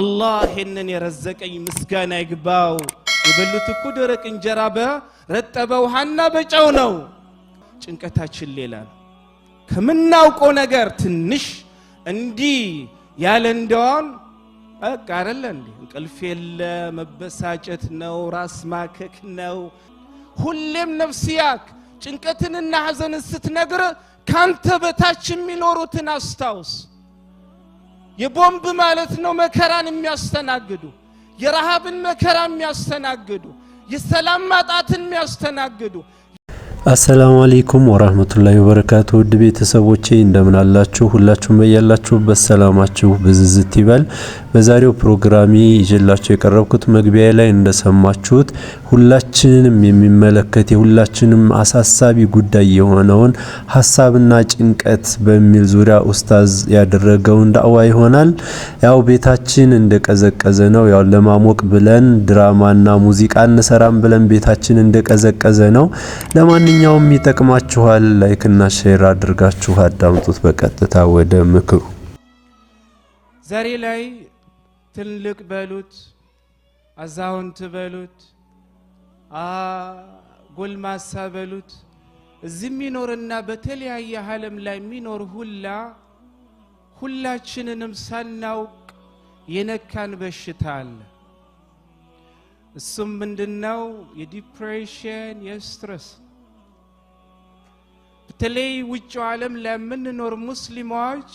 አላህ ይህንን የረዘቀኝ ምስጋና ይግባው። የበሉት እኮ ደረቅ እንጀራ በረጠበ ውሃና በጨው ነው። ጭንቀታችን ሌላ ነው። ከምናውቀው ነገር ትንሽ እንዲህ ያለ እንደዋን በቃ አይደለ እንዲ እንቅልፍ የለ መበሳጨት ነው፣ ራስ ማከክ ነው። ሁሌም ነፍስያክ ጭንቀትንና ሐዘንን ስትነግር ካንተ በታች የሚኖሩትን አስታውስ። የቦምብ ማለት ነው መከራን የሚያስተናግዱ የረሃብን መከራ የሚያስተናግዱ የሰላም ማጣትን የሚያስተናግዱ አሰላሙ አሌይኩም ወራህመቱላሂ ወበረካቱ ውድ ቤተሰቦቼ እንደምን አላችሁ? ሁላችሁም በያላችሁበት ሰላማችሁ ብዝዝት ይበል። በዛሬው ፕሮግራሚ ይዤላችሁ የቀረብኩት መግቢያ ላይ እንደሰማችሁት ሁላችንም የሚመለከት የሁላችንም አሳሳቢ ጉዳይ የሆነውን ሀሳብና ጭንቀት በሚል ዙሪያ ኡስታዝ ያደረገውን ዳዕዋ ይሆናል። ያው ቤታችን እንደቀዘቀዘ ነው። ያው ለማሞቅ ብለን ድራማና ሙዚቃ እንሰራም ብለን ቤታችን እንደቀዘቀዘ ነው። ለማንኛውም ለማንኛውም ይጠቅማችኋል። ላይክና ሼር አድርጋችሁ አዳምጡት። በቀጥታ ወደ ምክሩ ዛሬ ላይ ትልቅ በሉት አዛውንት በሉት ጎልማሳ በሉት እዚህ የሚኖርና በተለያየ ዓለም ላይ የሚኖር ሁላ ሁላችንንም ሳናውቅ የነካን በሽታ አለ። እሱም ምንድነው? የዲፕሬሽን የስትረስ በተለይ ውጭው ዓለም ለምንኖር ሙስሊሞች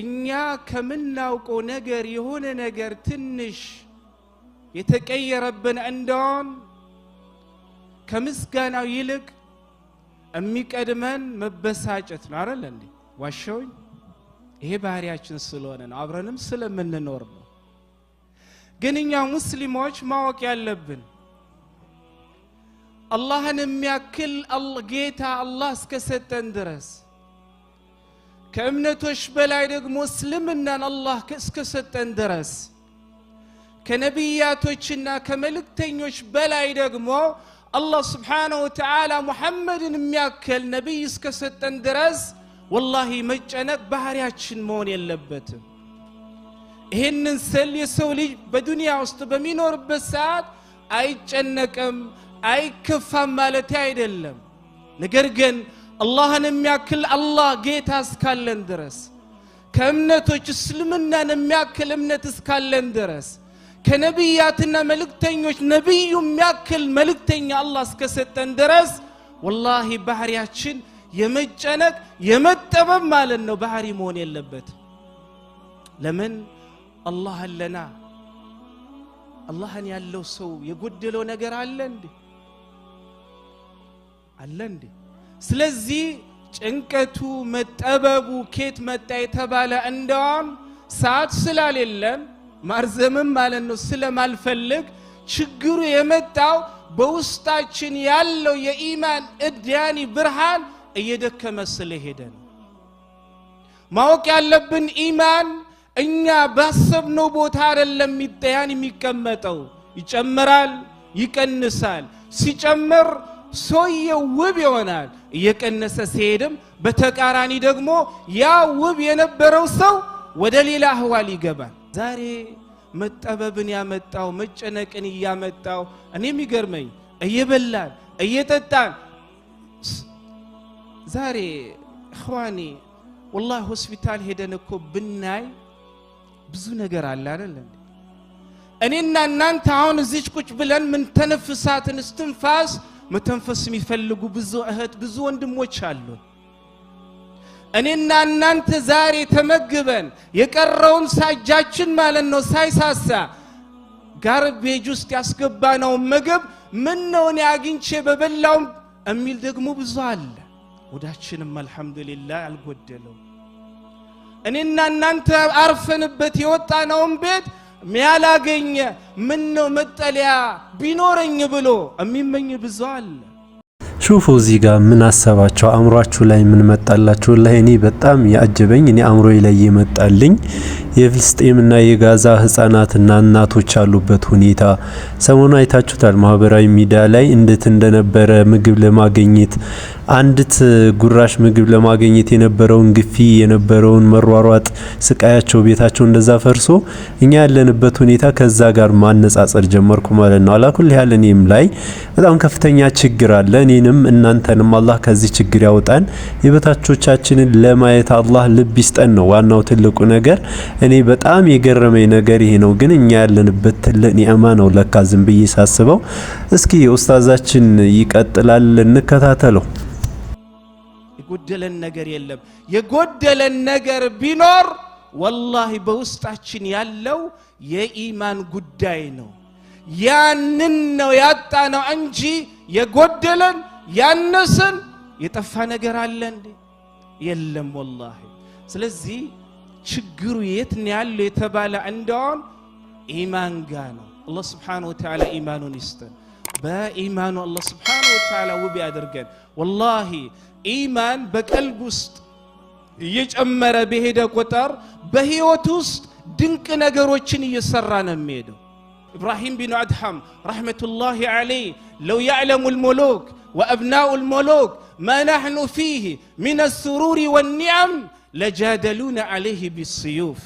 እኛ ከምናውቀው ነገር የሆነ ነገር ትንሽ የተቀየረብን እንደሆን ከምስጋናው ይልቅ የሚቀድመን መበሳጨት ነው። አረለ እንዴ ዋሻውኝ ይሄ ባህሪያችን ስለሆነ ነው፣ አብረንም ስለምንኖር ነው። ግን እኛ ሙስሊሞች ማወቅ ያለብን አላህን የሚያክል ጌታ አላህ እስከሰጠን ድረስ ከእምነቶች በላይ ደግሞ እስልምናን አላህ እስከሰጠን ድረስ ከነቢያቶችና ከመልእክተኞች በላይ ደግሞ አላህ ስብሓነሁ ወተዓላ ሙሐመድን የሚያክል ነቢይ እስከሰጠን ድረስ ወላሂ መጨነቅ ባህሪያችን መሆን የለበትም ይህንን ስል የሰው ልጅ በዱንያ ውስጥ በሚኖርበት ሰዓት አይጨነቅም አይከፋም ማለት አይደለም። ነገር ግን አላህን የሚያክል አላህ ጌታ እስካለን ድረስ ከእምነቶች እስልምናን የሚያክል እምነት እስካለን ድረስ ከነቢያትና መልእክተኞች ነቢዩ የሚያክል መልእክተኛ አላህ እስከሰጠን ድረስ ወላሂ ባህሪያችን የመጨነቅ የመጠበብ ማለት ነው ባህሪ መሆን የለበት ለምን አላህ አለና አላህን ያለው ሰው የጎደለው ነገር አለ እንዴ አለ እንዴ? ስለዚህ ጭንቀቱ መጠበቡ ኬት መጣ የተባለ እንደውም ሰዓት ስላሌለን ማርዘምም ማለት ነው ስለማልፈልግ ችግሩ የመጣው በውስጣችን ያለው የኢማን እድያኒ ብርሃን እየደከመ ስለሄደ ነው። ማወቅ ያለብን ኢማን እኛ ባሰብነው ቦታ አይደለም ያን የሚቀመጠው፣ ይጨምራል፣ ይቀንሳል። ሲጨምር ሰውየው ውብ ይሆናል። እየቀነሰ ሲሄድም በተቃራኒ ደግሞ ያ ውብ የነበረው ሰው ወደ ሌላ አህዋል ይገባል። ዛሬ መጠበብን ያመጣው መጨነቅን እያመጣው እኔም ይገርመኝ እየበላን እየጠጣን ዛሬ እኽዋኔ ወላሂ ሆስፒታል ሄደን እኮ ብናይ ብዙ ነገር አለ አይደል? እኔና እናንተ አሁን እዚች ቁጭ ብለን ምን ተነፍሳትን እስትንፋስ መተንፈስ የሚፈልጉ ብዙ እህት ብዙ ወንድሞች አሉ። እኔና እናንተ ዛሬ ተመግበን የቀረውን ሳጃችን ማለት ነው ሳይሳሳ ጋርቤጅ ውስጥ ያስገባነውን ምግብ ምን ነው እኔ አግኝቼ በበላውም የሚል ደግሞ ብዙ አለ። ወዳችንም አልሐምዱሊላህ አልጎደለው። እኔና እናንተ አርፈንበት የወጣነውን ቤት ሚያላገኘ ምን ነው መጠለያ ቢኖረኝ ብሎ የሚመኝ ብዙ አለ። ሹፉ እዚህ ጋር ምን አሰባቸው? አእምሯችሁ ላይ ምን መጣላችሁ? ላይ በጣም ያጀበኝ እኔ አእምሮዬ ላይ የመጣልኝ የፍልስጤምና የጋዛ ህጻናትና እናቶች ያሉበት ሁኔታ ሰሞኑ አይታችሁታል። ማህበራዊ ሚዲያ ላይ እንዴት እንደነበረ ምግብ ለማግኘት አንዲት ጉራሽ ምግብ ለማግኘት የነበረውን ግፊ የነበረውን መሯሯጥ ስቃያቸው ቤታቸው እንደዛ ፈርሶ እኛ ያለንበት ሁኔታ ከዛ ጋር ማነጻጸር ጀመርኩ ማለት ነው። አላኩል ያህል እኔም ላይ በጣም ከፍተኛ ችግር አለ። እኔንም እናንተንም አላህ ከዚህ ችግር ያውጣን፣ የበታቾቻችንን ለማየት አላህ ልብ ይስጠን ነው ዋናው ትልቁ ነገር። እኔ በጣም የገረመኝ ነገር ይሄ ነው። ግን እኛ ያለንበት ትልቅ ኒዕማ ነው ለካ ዝም ብዬ ሳስበው። እስኪ ኡስታዛችን ይቀጥላል፣ እንከታተለው። የጎደለን ነገር የለም የጎደለን ነገር ቢኖር ወላሂ በውስጣችን ያለው የኢማን ጉዳይ ነው ያንን ነው ያጣ ነው እንጂ የጎደለን ያነስን የጠፋ ነገር አለ እንዴ የለም ወላሂ ስለዚህ ችግሩ የት ነው ያለው የተባለ እንደውም ኢማን ጋ ነው አላህ ስብሓን ወተዓላ ኢማኑን ይስጠን بإيمان الله سبحانه وتعالى وبيادرقن والله إيمان بقلب يج يجأمر بهيدا قطر بهيوت است دنك نقر وچني يسرانا ميدو إبراهيم بن عدحم رحمة الله عليه لو يعلم الملوك وأبناء الملوك ما نحن فيه من السرور والنعم لجادلون عليه بالسيوف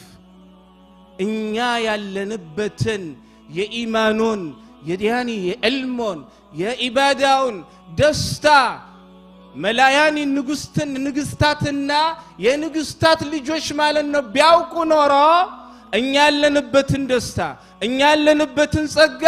إن يا يا لنبة يا إيمانون የዲያኒ የዕልሞን የኢባዳውን ደስታ መላያኒ ንጉሥትን ንግሥታትና የንግሥታት ልጆች ማለት ነው ቢያውቁ ኖሮ እኛ ያለንበትን ደስታ እኛ ያለንበትን ጸጋ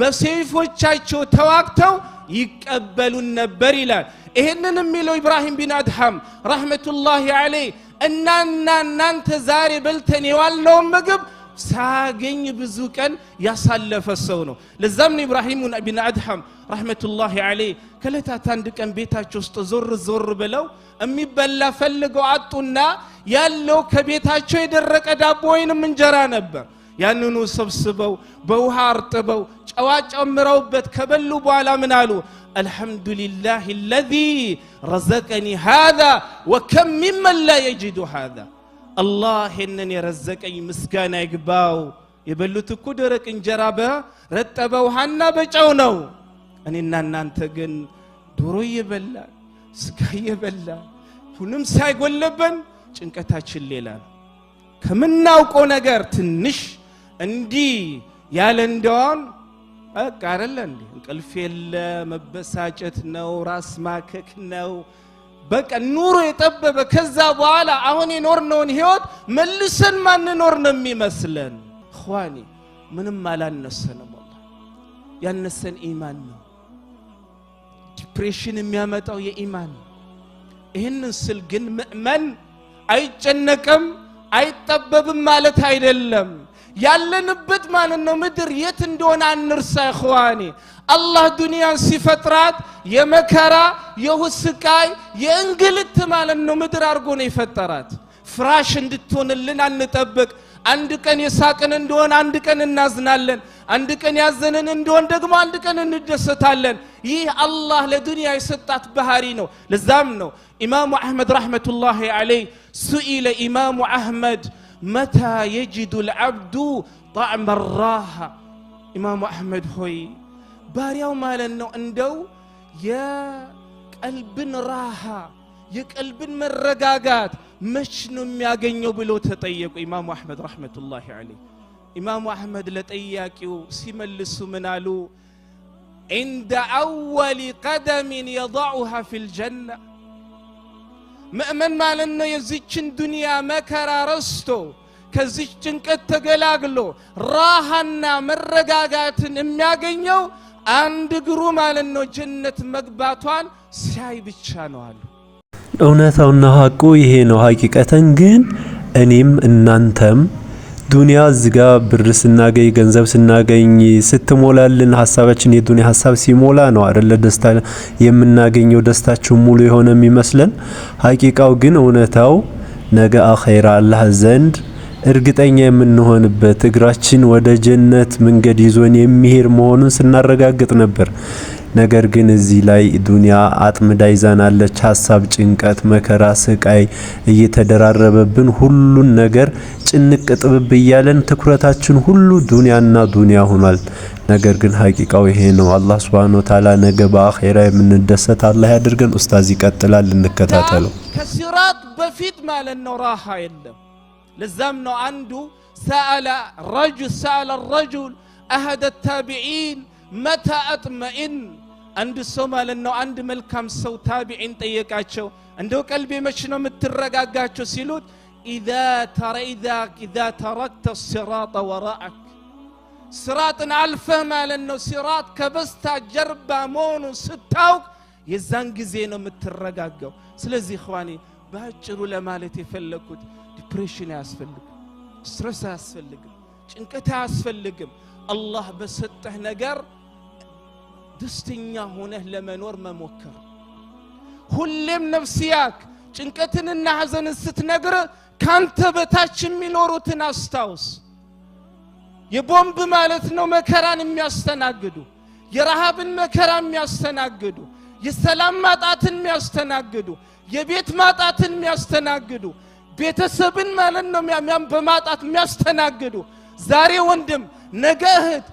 በሰይፎቻቸው ተዋግተው ይቀበሉን ነበር ይላል። ይህንን የሚለው ኢብራሂም ቢን አድሃም ረሕመቱላሂ አለይህ እናና እናንተ ዛሬ በልተን የዋልነውን ምግብ ሳያገኝ ብዙ ቀን ያሳለፈ ሰው ነው ለዛም ነው ኢብራሂም ብን አድሐም ረሕመቱላህ አለይ ከለታት አንድ ቀን ቤታቸው ውስጥ ዞር ዞር ብለው የሚበላ ፈልገው አጡና ያለው ከቤታቸው የደረቀ ዳቦ ወይንም እንጀራ ነበር ያንኑ ሰብስበው በውሃ አርጥበው ጨዋ ጨምረውበት ከበሉ በኋላ ምን አሉ አልሐምዱሊላህ ለዚ ረዘቀኒ ሃذا ወከም ሚመን ላ የጅዱ ሃذا አላህ ይህንን የረዘቀኝ ምስጋና ይግባው። የበሉት እኮ ደረቅ እንጀራ በረጠበ ውሃና በጨው ነው። እኔና እናንተ ግን ዶሮ እየበላ ስጋ እየበላ ሁንም ሳይጎለበን ጭንቀታችን ሌላ ነው። ከምናውቀው ነገር ትንሽ እንዲህ ያለ እንደዋን በቃ አይደለ እንዴ? እንቅልፍ የለ መበሳጨት ነው፣ ራስ ማከክ ነው። በቃ ኑሮ የጠበበ ከዛ በኋላ አሁን የኖርነውን ህይወት መልሰን ማንኖር ነው የሚመስለን። ኸዋኒ ምንም አላነሰንም። አላህ ያነሰን ኢማን ነው። ዲፕሬሽን የሚያመጣው የኢማን ይህንን ስል ግን ምእመን አይጨነቅም አይጠበብም ማለት አይደለም። ያለንበት ማለት ምድር የት እንደሆነ አንርሳ ይኸዋኔ አላህ ዱንያን ሲፈጥራት የመከራ የውስቃይ የእንግልት ማለት ነው ምድር አድርጎ ነው የፈጠራት ፍራሽ እንድትሆንልን አንጠብቅ አንድ ቀን የሳቅን እንደሆን አንድ ቀን እናዝናለን አንድ ቀን ያዘንን እንደሆን ደግሞ አንድ ቀን እንደሰታለን ይህ አላህ ለዱንያ የሰጣት ባህሪ ነው ለዛም ነው ኢማሙ አህመድ ረሕመቱላህ አለይህ ሱኢለ ኢማሙ አህመድ متى يجد العبد طعم الراحة إمام أحمد هوي باريو ما لأنه أندو يا قلب راحة يا قلب من رقاقات مش نم ياقنيو بلو تطيق إمام أحمد رحمة الله عليه إمام أحمد لتياكيو سيملسو منالو عند أول قدم يضعها في الجنة مأمن ما لأنه يزيتشن دنيا مكرا رستو ከዚህ ጭንቀት ተገላግሎ ራሃና መረጋጋትን የሚያገኘው አንድ እግሩ ማለት ነው ጀነት መግባቷን ሲያይ ብቻ ነው አሉ። እውነታውና ሀቁ ይሄ ነው። ሀቂቀተን ግን እኔም እናንተም ዱንያ እዚጋ ብር ስናገኝ ገንዘብ ስናገኝ ስትሞላልን ሀሳባችን የዱንያ ሀሳብ ሲሞላ ነው አደለ ደስታ የምናገኘው ደስታችን ሙሉ የሆነ የሚመስለን። ሀቂቃው ግን እውነታው ነገ አኼራ አላህ ዘንድ እርግጠኛ የምንሆንበት እግራችን ወደ ጀነት መንገድ ይዞን የሚሄድ መሆኑን ስናረጋግጥ ነበር። ነገር ግን እዚህ ላይ ዱንያ አጥምዳ ይዛናለች። ሀሳብ፣ ጭንቀት፣ መከራ፣ ስቃይ እየተደራረበብን ሁሉን ነገር ጭንቅ ጥብብ እያለን ትኩረታችን ሁሉ ዱንያና ዱንያ ሆኗል። ነገር ግን ሀቂቃው ይሄ ነው። አላህ ሱብሓነሁ ወተዓላ ነገ በአኼራ የምንደሰት አላህ ያድርገን። ኡስታዝ ይቀጥላል፣ እንከታተለው። ከሲራት በፊት ማለት ነው ራሃ የለም። نو عنده سأل رجل سأل الرجل أهد التابعين متى أطمئن عند السماء لأنه عند ملكم سو تابعين تيكاتشو عنده قلبي مشنو مترقاقاتشو سيلوت إذا ترى إذا إذا تركت الصراط وراءك صراط ألف ما لأنه صراط كبستا جربا مونو ستاوك يزنجزينو مترقاقو سلزي إخواني በአጭሩ ለማለት የፈለግኩት ዲፕሬሽን አያስፈልግም፣ ስትረስ አያስፈልግም፣ ጭንቀት አያስፈልግም። አላህ በሰጠህ ነገር ደስተኛ ሆነህ ለመኖር መሞከር። ሁሌም ነፍስያክ ጭንቀትንና ሐዘንን ስትነግር ካንተ በታች የሚኖሩትን አስታውስ። የቦምብ ማለት ነው መከራን የሚያስተናግዱ የረሃብን መከራ የሚያስተናግዱ የሰላም ማጣትን የሚያስተናግዱ የቤት ማጣትን የሚያስተናግዱ ቤተሰብን ማለት ነው በማጣት የሚያስተናግዱ ዛሬ ወንድም፣ ነገ እህት፣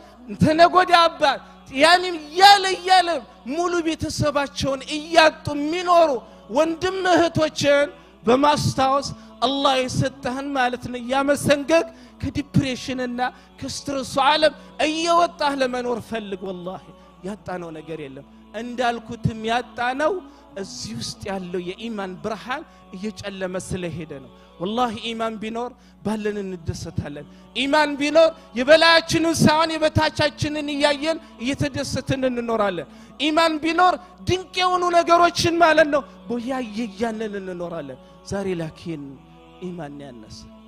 ተነጎዳ አባት ያኔም እያለ እያለ ሙሉ ቤተሰባቸውን እያጡ የሚኖሩ ወንድም እህቶችን በማስታወስ አላህ የሰጠህን ማለት ነው እያመሰንገግ ከዲፕሬሽንና ከስትረሱ ዓለም እየወጣህ ለመኖር ፈልግ። ወላሂ ያጣነው ነገር የለም እንዳልኩትም ያጣነው እዚህ ውስጥ ያለው የኢማን ብርሃን እየጨለመ ስለሄደ ነው። ወላሂ ኢማን ቢኖር ባለን እንደሰታለን። ኢማን ቢኖር የበላያችንን ሳይሆን የበታቻችንን እያየን እየተደሰትን እንኖራለን። ኢማን ቢኖር ድንቅ የሆኑ ነገሮችን ማለት ነው በያየ እያለን እንኖራለን። ዛሬ ላኪን ኢማን ያነሰ